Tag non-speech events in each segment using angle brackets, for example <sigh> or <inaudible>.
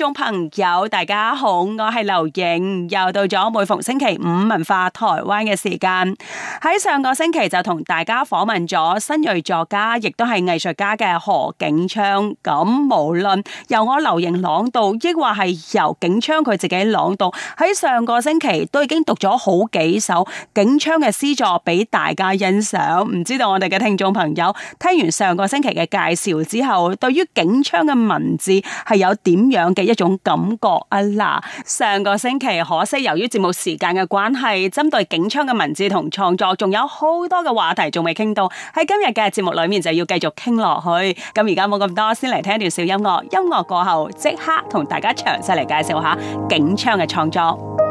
聽眾朋友，大家好，我係劉瑩，又到咗每逢星期五文化台灣嘅時間。喺上個星期就同大家訪問咗新銳作家，亦都係藝術家嘅何景窗。咁無論由我劉瑩朗讀，亦或係由景窗佢自己朗讀，喺上個星期都已經讀咗好幾首景窗嘅詩作俾大家欣賞。唔知道我哋嘅聽眾朋友，聽完上個星期嘅介紹之後，對於景窗嘅文字係有點樣嘅？一種感覺啊！嗱，上個星期可惜由於節目時間嘅關係，針對景窗嘅文字同創作，仲有好多嘅話題仲未傾到，喺今日嘅節目裏面就要繼續傾落去。咁而家冇咁多，先嚟聽一段小音樂。音樂過後，即刻同大家詳細嚟介紹下景窗嘅創作。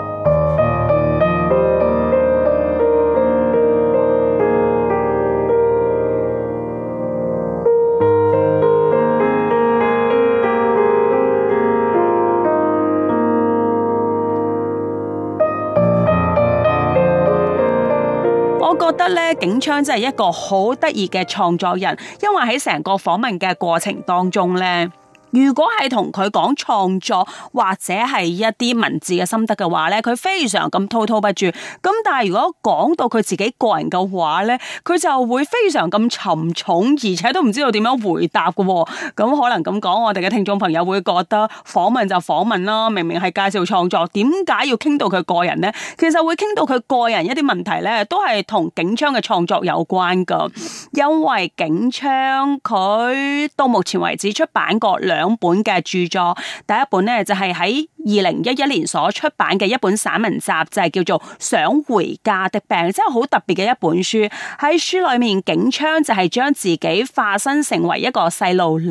我覺得咧，景窗真係一個好得意嘅創作人，因為喺成個訪問嘅過程當中咧。如果係同佢講創作或者係一啲文字嘅心得嘅話咧，佢非常咁滔滔不絕。咁但係如果講到佢自己個人嘅話咧，佢就會非常咁沉重，而且都唔知道點樣回答嘅，哦。咁可能咁講，我哋嘅聽眾朋友會覺得訪問就訪問啦。明明係介紹創作，點解要傾到佢個人咧？其實會傾到佢個人一啲問題咧，都係同景窗嘅創作有關噶。因為景窗佢到目前為止出版過兩兩本嘅著作，第一本呢就係喺二零一一年所出版嘅一本散文集，就係、是、叫做《想回家的病》，即係好特別嘅一本書。喺書裏面，景窗就係將自己化身成為一個細路女，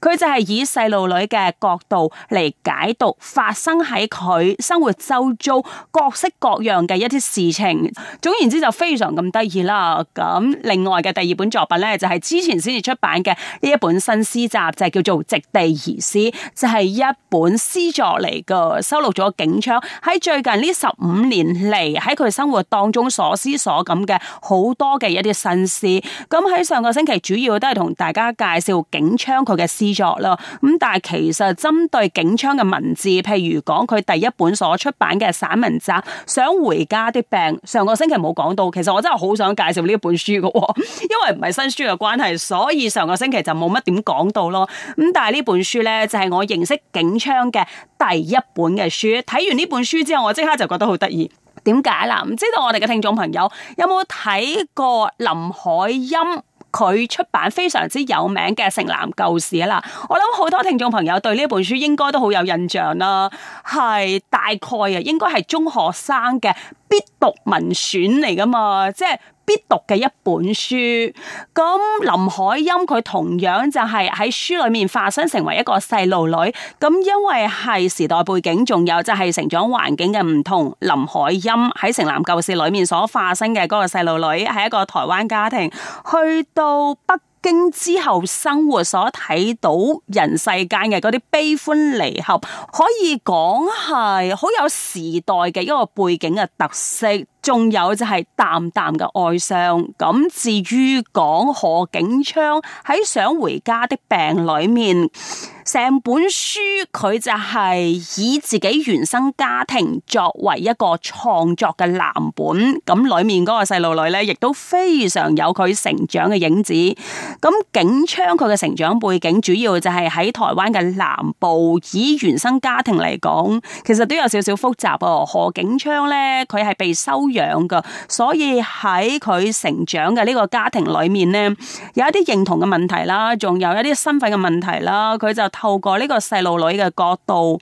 佢就係以細路女嘅角度嚟，解讀發生喺佢生活周遭各式各樣嘅一啲事情。總言之，就非常咁得意啦。咁另外嘅第二本作品呢，就係、是、之前先至出版嘅呢一本新詩集，就係、是、叫做《席地而詩》。嘅詩就係、是、一本詩作嚟噶，收錄咗景窗喺最近呢十五年嚟喺佢生活當中所思所感嘅好多嘅一啲新詩。咁喺上個星期主要都係同大家介紹景窗佢嘅詩作啦。咁但係其實針對景窗嘅文字，譬如講佢第一本所出版嘅散文集《想回家嘅病》，上個星期冇講到。其實我真係好想介紹呢一本書噶，因為唔係新書嘅關係，所以上個星期就冇乜點講到咯。咁但係呢？本書咧就係我認識景窗嘅第一本嘅書，睇完呢本書之後，我即刻就覺得好得意。點解啦？唔知道我哋嘅聽眾朋友有冇睇過林海音佢出版非常之有名嘅《城南舊事》啊？嗱，我諗好多聽眾朋友對呢本書應該都好有印象啦。係大概啊，應該係中學生嘅。必讀文選嚟噶嘛，即係必讀嘅一本書。咁林海音佢同樣就係喺書裏面化身成為一個細路女。咁因為係時代背景，仲有就係成長環境嘅唔同。林海音喺《城南舊事》裏面所化身嘅嗰個細路女，係一個台灣家庭，去到北。之後生活所睇到人世間嘅嗰啲悲歡離合，可以講係好有時代嘅一個背景嘅特色。仲有就係淡淡嘅哀傷。咁至於講何景窗喺想回家的病裏面，成本書佢就係以自己原生家庭作為一個創作嘅藍本。咁裏面個細路女咧，亦都非常有佢成長嘅影子。咁景窗佢嘅成長背景主要就係喺台灣嘅南部，以原生家庭嚟講，其實都有少少複雜、哦。何景窗咧，佢係被收養噶，所以喺佢成長嘅呢個家庭裏面呢，有一啲認同嘅問題啦，仲有一啲身份嘅問題啦，佢就透過呢個細路女嘅角度。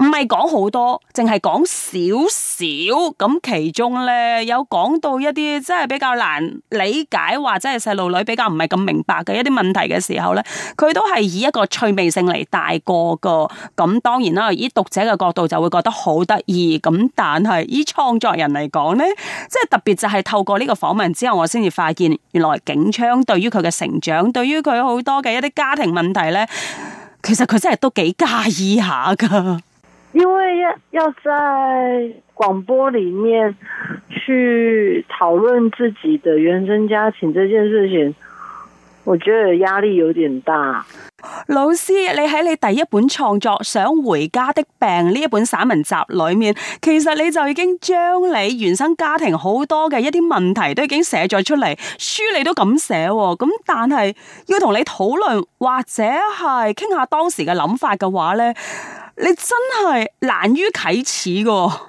唔係講好多，淨係講少少。咁其中咧，有講到一啲即係比較難理解，或者係細路女比較唔係咁明白嘅一啲問題嘅時候咧，佢都係以一個趣味性嚟大過噶。咁當然啦，以讀者嘅角度就會覺得好得意。咁但係以創作人嚟講咧，即係特別就係透過呢個訪問之後，我先至發現原來景窗對於佢嘅成長，對於佢好多嘅一啲家庭問題咧，其實佢真係都幾介意下噶。因為要要在廣播裏面去討論自己的原生家庭這件事情，我覺得壓力有點大。老師，你喺你第一本創作《想回家的病》呢一本散文集裏面，其實你就已經將你原生家庭好多嘅一啲問題都已經寫咗出嚟。書你都咁寫喎，咁但係要同你討論或者係傾下當時嘅諗法嘅話呢，你真係難於啟齒噶。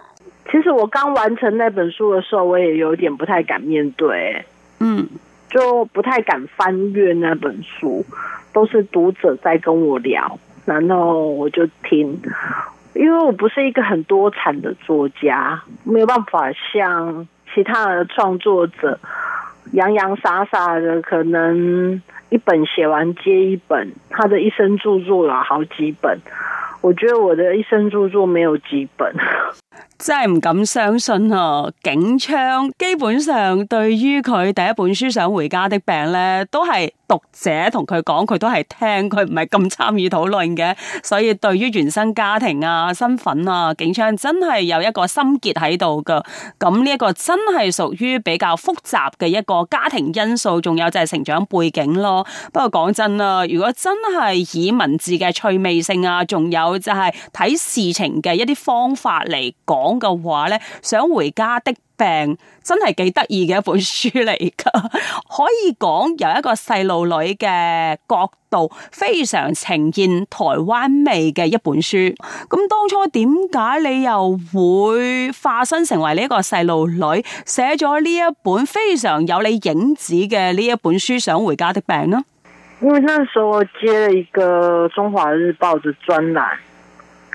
其實我剛完成那本書的時候，我也有點不太敢面對，嗯，就不太敢翻閱那本書。都是讀者在跟我聊，然後我就聽，因為我不是一個很多產的作家，沒有辦法像其他的創作者洋洋灑灑的，可能一本寫完接一本，他的一生著作了好幾本。我覺得我的一生著作沒有幾本。真係唔敢相信哦、啊！景窗基本上對於佢第一本書《想回家的病》呢，都係讀者同佢講，佢都係聽，佢唔係咁參與討論嘅。所以對於原生家庭啊、身份啊，景窗真係有一個心結喺度噶。咁呢一個真係屬於比較複雜嘅一個家庭因素，仲有就係成長背景咯。不過講真啦，如果真係以文字嘅趣味性啊，仲有就係睇事情嘅一啲方法嚟。講嘅話呢，想回家的病真係幾得意嘅一本書嚟㗎， <laughs> 可以講由一個細路女嘅角度，非常呈現台灣味嘅一本書。咁當初點解你又會化身成為呢一個細路女，寫咗呢一本非常有你影子嘅呢一本書，《想回家的病》呢、啊？因為嗰時我接咗一個《中華日報》嘅專欄。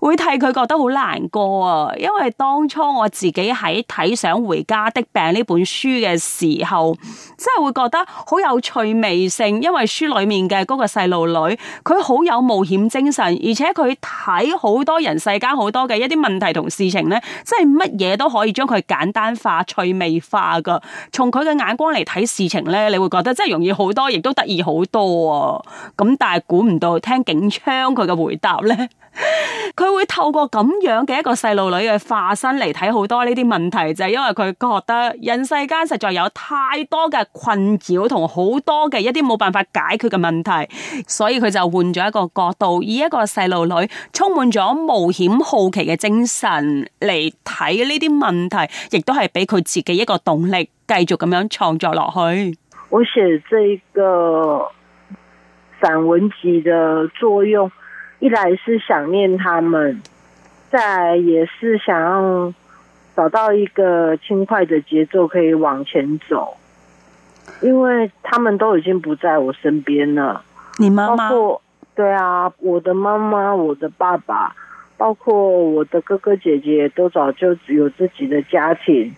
會替佢覺得好難過啊！因為當初我自己喺睇《想回家的病》呢本書嘅時候，真係會覺得好有趣味性。因為書裏面嘅嗰個細路女，佢好有冒險精神，而且佢睇好多人世間好多嘅一啲問題同事情呢，真係乜嘢都可以將佢簡單化、趣味化噶。從佢嘅眼光嚟睇事情呢，你會覺得真係容易好多，亦都得意好多啊！咁但係估唔到聽景窗佢嘅回答呢。佢會透過咁樣嘅一個細路女嘅化身嚟睇好多呢啲問題，就係因為佢覺得人世間實在有太多嘅困擾同好多嘅一啲冇辦法解決嘅問題，所以佢就換咗一個角度，以一個細路女充滿咗冒險好奇嘅精神嚟睇呢啲問題，亦都係俾佢自己一個動力，繼續咁樣創作落去。我寫這個散文集嘅作用。一來是想念他們，再來也是想要找到一個輕快的節奏可以往前走，因為他們都已經不在我身邊了。你媽媽？包括，對啊，我的媽媽、我的爸爸，包括我的哥哥姐姐都早就有自己的家庭，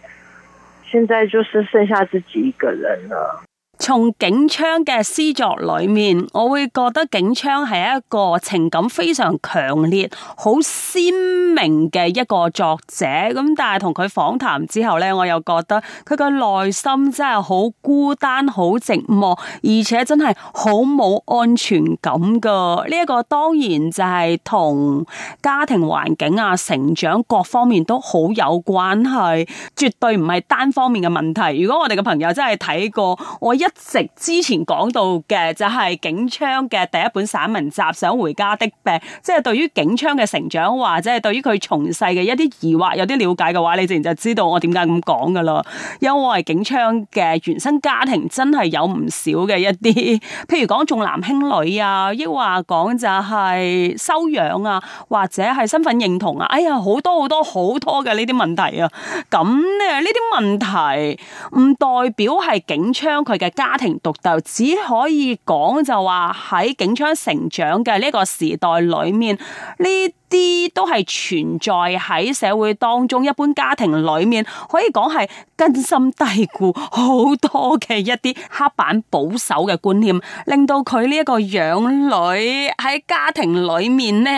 現在就是剩下自己一個人了。從景窗嘅詩作裏面，我會覺得景窗係一個情感非常強烈、好鮮明嘅一個作者。咁但係同佢訪談之後咧，我又覺得佢嘅內心真係好孤單、好寂寞，而且真係好冇安全感噶。呢、這、一個當然就係同家庭環境啊、成長各方面都好有關係，絕對唔係單方面嘅問題。如果我哋嘅朋友真係睇過，我一一直之前講到嘅就係景窗嘅第一本散文集《想回家的病》，即係對於景窗嘅成長或者係對於佢從細嘅一啲疑惑有啲了解嘅話，你自然就知道我點解咁講噶啦。因為我係景窗嘅原生家庭真係有唔少嘅一啲，譬如講重男輕女啊，抑話講就係收養啊，或者係身份認同啊，哎呀好多好多好多嘅呢啲問題啊！咁咧呢啲問題唔代表係景窗佢嘅。家庭獨斗只可以講就話喺景窗成長嘅呢個時代裏面，呢啲都係存在喺社會當中，一般家庭裏面可以講係根深蒂固好多嘅一啲刻板保守嘅觀念，令到佢呢一個養女喺家庭裏面呢，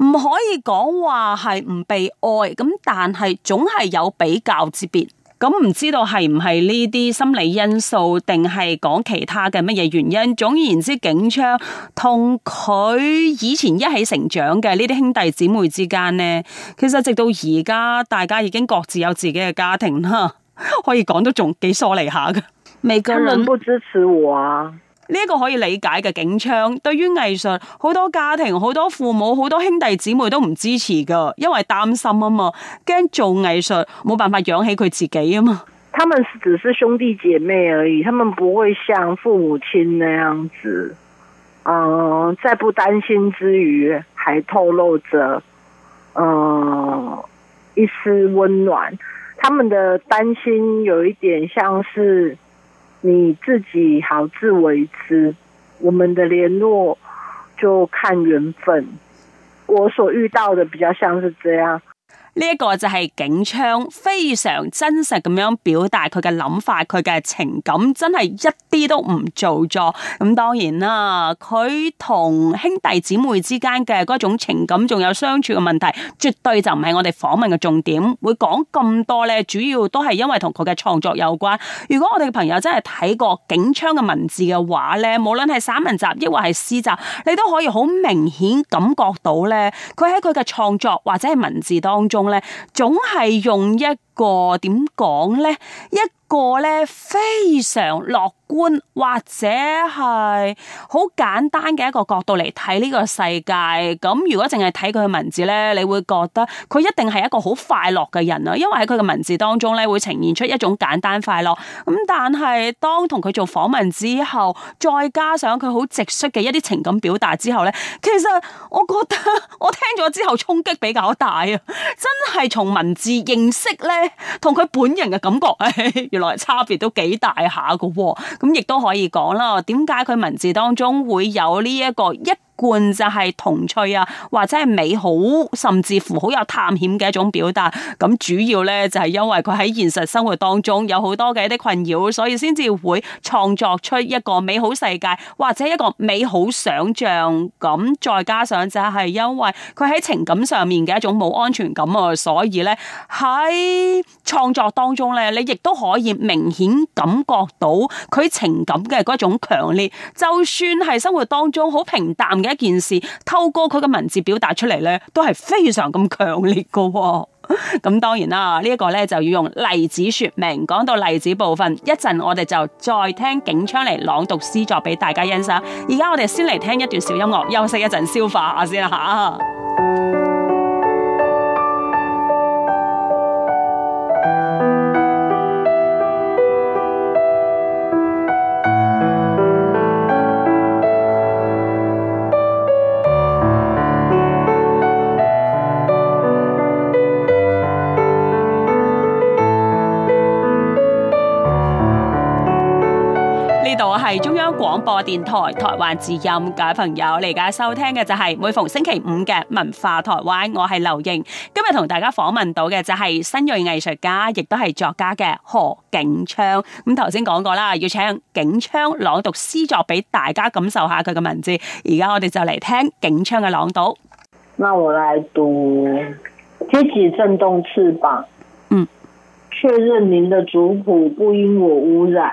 唔可以講話係唔被愛咁，但係總係有比較之別。咁唔知道係唔係呢啲心理因素，定係講其他嘅乜嘢原因？總而言之，景窗同佢以前一起成長嘅呢啲兄弟姊妹之間呢，其實直到而家大家已經各自有自己嘅家庭啦，可以講都仲幾疏離下嘅。每個人不支持我啊！呢一個可以理解嘅，景窗對於藝術，好多家庭、好多父母、好多兄弟姊妹都唔支持噶，因為擔心啊嘛，驚做藝術冇辦法養起佢自己啊嘛。他們只是兄弟姐妹而已，他們不會像父母親那樣子，嗯、呃，在不擔心之餘，還透露着嗯、呃、一絲溫暖。他們的擔心有一點，像是。你自己好自為之，我們的聯絡就看緣分。我所遇到的比較像是這樣。呢一個就係景窗非常真實咁樣表達佢嘅諗法，佢嘅情感真係一啲都唔做作。咁當然啦，佢同兄弟姊妹之間嘅嗰種情感，仲有相處嘅問題，絕對就唔係我哋訪問嘅重點。會講咁多咧，主要都係因為同佢嘅創作有關，如果我哋嘅朋友真係睇過景窗嘅文字嘅話咧，無論係散文集抑或係詩集，你都可以好明顯感覺到咧，佢喺佢嘅創作或者係文字當中。總係用一個點講咧，一個咧非常樂觀或者係好簡單嘅一個角度嚟睇呢個世界，咁如果淨係睇佢嘅文字呢，你會覺得佢一定係一個好快樂嘅人啦。因為喺佢嘅文字當中呢，會呈現出一種簡單快樂。咁但係當同佢做訪問之後，再加上佢好直率嘅一啲情感表達之後呢，其實我覺得 <laughs> 我聽咗之後衝擊比較大啊！真係從文字認識呢，同佢本人嘅感覺， <laughs> 原來差別都幾大下噶。咁亦都可以講啦，點解佢文字當中會有呢一個一冠就係童趣啊，或者係美好，甚至乎好有探險嘅一種表達，咁主要咧就係因為佢喺現實生活當中有好多嘅一啲困擾，所以先至會創作出一個美好世界，或者一個美好想象，咁再加上就係因為佢喺情感上面嘅一種冇安全感啊，所以咧喺創作當中咧，你亦都可以明顯感覺到佢情感嘅嗰種強烈，就算係生活當中好平淡嘅。一件事，透過佢嘅文字表達出嚟呢，都係非常咁強烈嘅。咁 <laughs> 當然啦，呢、這、一個咧就要用例子說明。講到例子部分，一陣我哋就再聽景窗嚟朗讀詩作俾大家欣賞。而家我哋先嚟聽一段小音樂，休息一陣消化下先吓。係中央廣播電台台灣之音。各位朋友，而家收聽嘅就係每逢星期五嘅文化台灣。我係劉瑩，今日同大家訪問到嘅就係新銳藝術家亦都係作家嘅何景窗。咁頭先講過啦，要請景窗朗讀詩作俾大家感受下佢嘅文字。而家我哋就嚟聽景窗嘅朗讀。那我來讀，開始振動翅膀，嗯，確認您的族譜不因我污染。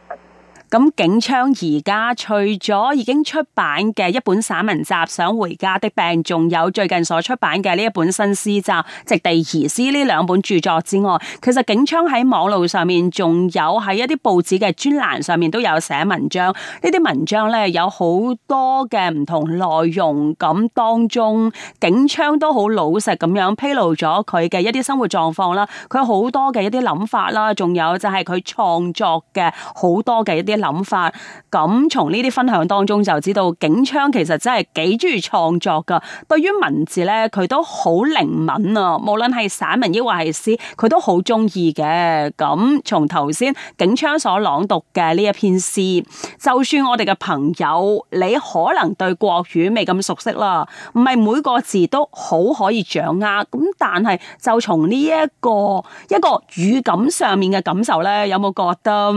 咁景窗而家除咗已經出版嘅一本散文集《想回家的病》，仲有最近所出版嘅呢一本新詩集《席地而詩》呢兩本著作之外，其實景窗喺網路上面，仲有喺一啲報紙嘅專欄上面都有寫文章。呢啲文章咧有好多嘅唔同內容，咁當中景窗都好老實咁樣披露咗佢嘅一啲生活狀況啦，佢有好多嘅一啲諗法啦，仲有就係佢創作嘅好多嘅一啲。諗法，咁從呢啲分享當中就知道，景窗其實真係幾中意創作噶。對於文字呢，佢都好靈敏啊！無論係散文抑或係詩，佢都好中意嘅。咁從頭先景窗所朗讀嘅呢一篇詩，就算我哋嘅朋友，你可能對國語未咁熟悉啦，唔係每個字都好可以掌握。咁但係就從呢一個一個語感上面嘅感受呢，有冇覺得？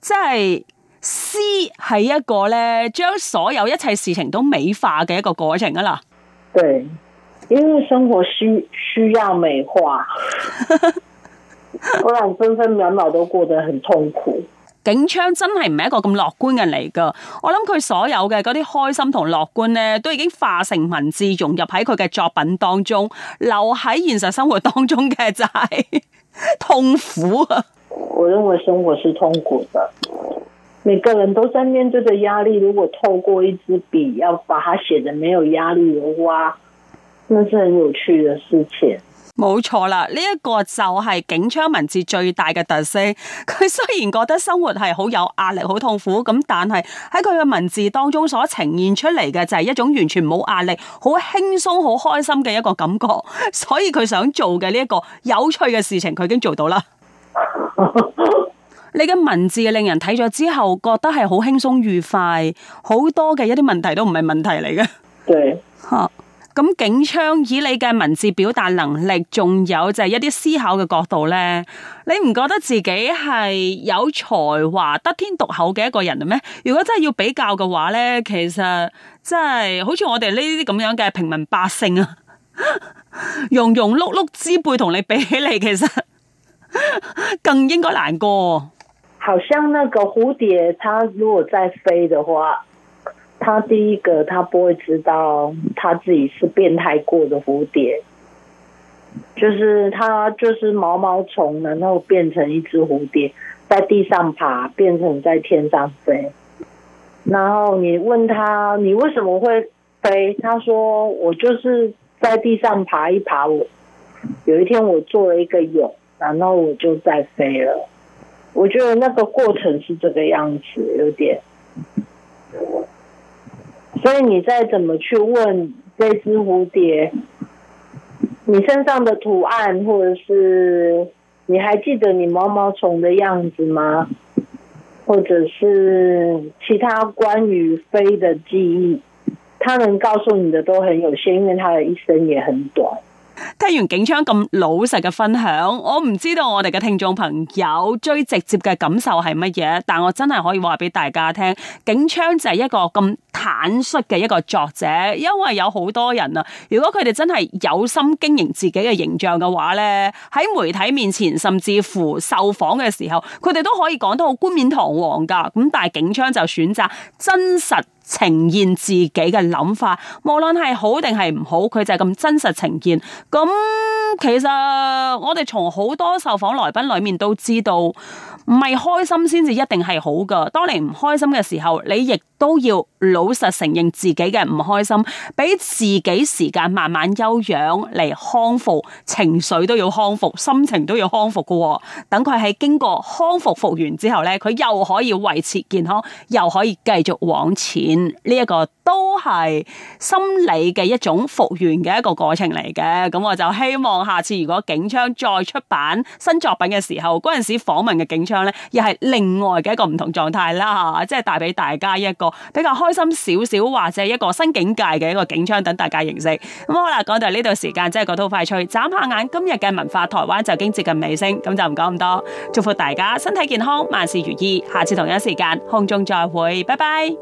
即係詩係一個咧，將所有一切事情都美化嘅一個過程啊！啦，對，因為生活需需要美化， <laughs> 不然分分秒秒都過得很痛苦。景窗真係唔係一個咁樂觀嘅人嚟噶，我諗佢所有嘅嗰啲開心同樂觀咧，都已經化成文字融入喺佢嘅作品當中，留喺現實生活當中嘅就係痛苦啊！ <laughs> 我認為生活是痛苦的，每個人都在面對着壓力。如果透過一支筆，要把它寫得沒有壓力嘅話，那是很有趣嘅事情。冇錯啦，呢、這、一個就係景窗文字最大嘅特色。佢雖然覺得生活係好有壓力、好痛苦，咁但係喺佢嘅文字當中所呈現出嚟嘅就係一種完全冇壓力、好輕鬆、好開心嘅一個感覺。所以佢想做嘅呢一個有趣嘅事情，佢已經做到啦。你嘅文字令人睇咗之後，覺得係好輕鬆愉快，好多嘅一啲問題都唔係問題嚟嘅。對，吓咁、啊、景窗以你嘅文字表達能力，仲有就係一啲思考嘅角度呢。你唔覺得自己係有才華、得天獨厚嘅一個人咩？如果真係要比較嘅話呢，其實真係好似我哋呢啲咁樣嘅平民百姓啊，庸 <laughs> 庸碌碌之輩同你比起嚟，其實。更應該難過。好像那個蝴蝶，它如果在飛的話，它第一個，它不會知道它自己是變態過的蝴蝶。就是它，就是毛毛蟲，然後變成一隻蝴蝶，在地上爬，變成在天上飛。然後你問它，你為什麼會飛？他說：我就是在地上爬一爬，我有一天我做了一個蛹。然後我就在飛了，我覺得那個過程是這個樣子，有點。所以你再怎麼去問這隻蝴蝶，你身上的圖案，或者是你還記得你毛毛蟲的樣子嗎？或者是其他關於飛的記憶，它能告訴你的都很有限，因為它的一生也很短。聽完景窗咁老實嘅分享，我唔知道我哋嘅聽眾朋友最直接嘅感受係乜嘢，但我真係可以話俾大家聽，景窗就係一個咁坦率嘅一個作者，因為有好多人啊，如果佢哋真係有心經營自己嘅形象嘅話呢，喺媒體面前甚至乎受訪嘅時候，佢哋都可以講得好冠冕堂皇噶，咁但係景窗就選擇真實。呈現自己嘅諗法，無論係好定係唔好，佢就係咁真實呈現。咁其實我哋從好多受訪來賓裏面都知道。唔係開心先至一定係好噶，當你唔開心嘅時候，你亦都要老實承認自己嘅唔開心，俾自己時間慢慢休養嚟康復，情緒都要康復，心情都要康復嘅喎、哦。等佢喺經過康復復原之後咧，佢又可以維持健康，又可以繼續往前。呢、這、一個都係心理嘅一種復原嘅一個過程嚟嘅。咁我就希望下次如果景窗再出版新作品嘅時候，陣時訪問嘅景窗。又係另外嘅一個唔同狀態啦，即係帶俾大家一個比較開心少少，或者一個新境界嘅一個景象，等大家認識。咁好啦，講到呢度時間，真係覺得好快脆，眨下眼今日嘅文化台灣就已經接近尾聲，咁就唔講咁多，祝福大家身體健康，萬事如意，下次同一時間空中再會，拜拜。